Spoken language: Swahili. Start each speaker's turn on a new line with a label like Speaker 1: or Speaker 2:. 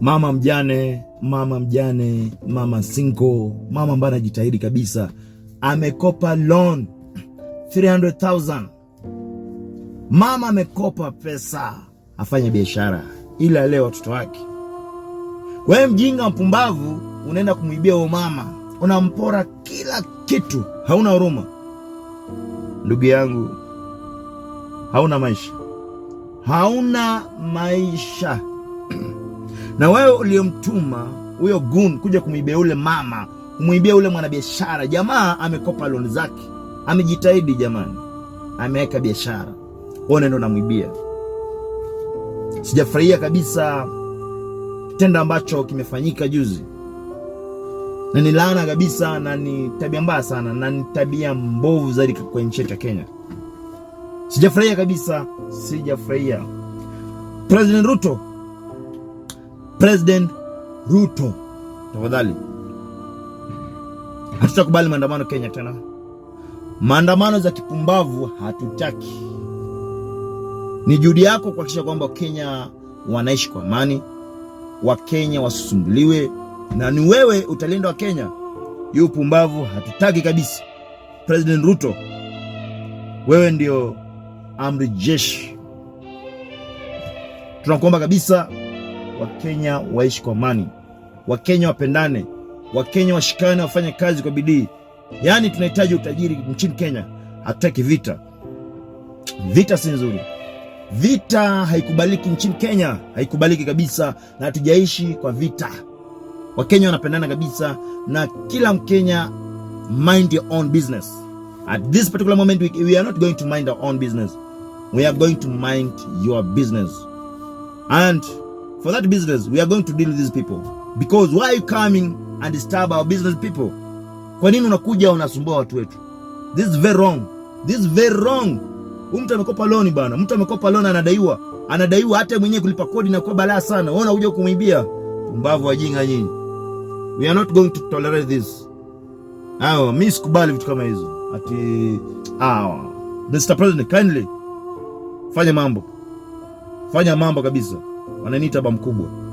Speaker 1: mama mjane, mama mjane, mama sinko, mama ambaye anajitahidi kabisa, amekopa loan 300,000. Mama amekopa pesa afanye biashara, ila leo watoto wake. Wewe mjinga mpumbavu, unaenda kumwibia huyo mama, unampora kila kitu, hauna huruma. Ndugu yangu, hauna maisha, hauna maisha na wewe uliyemtuma huyo gun kuja kumwibia ule mama, kumwibia ule mwanabiashara, jamaa amekopa loni zake, amejitahidi jamani, ameweka biashara, wewe unaenda unamwibia. Sijafurahia kabisa kitendo ambacho kimefanyika juzi, na ni laana kabisa, na ni tabia mbaya sana, na ni tabia mbovu zaidi kwa nchi yetu ya Kenya. Sijafurahia kabisa, sijafurahia. President Ruto President Ruto, tafadhali, hatutakubali maandamano Kenya tena. Maandamano za kipumbavu hatutaki. Ni juhudi yako kuhakikisha kwamba Wakenya wanaishi kwa amani, Wakenya wasisumbuliwe, na ni wewe utalinda Wakenya. Hii upumbavu hatutaki kabisa. President Ruto, wewe ndio amri jeshi, tunakuomba kabisa Wakenya waishi kwa amani, Wakenya wapendane, Wakenya washikane, wafanye kazi kwa bidii. Yaani tunahitaji utajiri nchini Kenya, hatutaki vita. Vita si nzuri, vita haikubaliki nchini Kenya, haikubaliki kabisa, na hatujaishi kwa vita. Wakenya wanapendana kabisa, na kila Mkenya mind your own business. At this particular moment we, we are not going to mind our own business, we are going to mind your business and for that business we are going to deal with these people because why are you coming and disturb our business people? Kwa nini unakuja unasumbua watu wetu? This is very wrong, this is very wrong. Huyu mtu amekopa loan bana, mtu amekopa loan anadaiwa, anadaiwa hata mwenyewe kulipa kodi na kwa balaa sana. Wewe unakuja kumwibia, Mbavu wajinga nyinyi. We are not going to tolerate this. Hao mimi sikubali vitu kama hizo. Ati ah, Mr President kindly fanya mambo, fanya mambo kabisa wananiita baba mkubwa.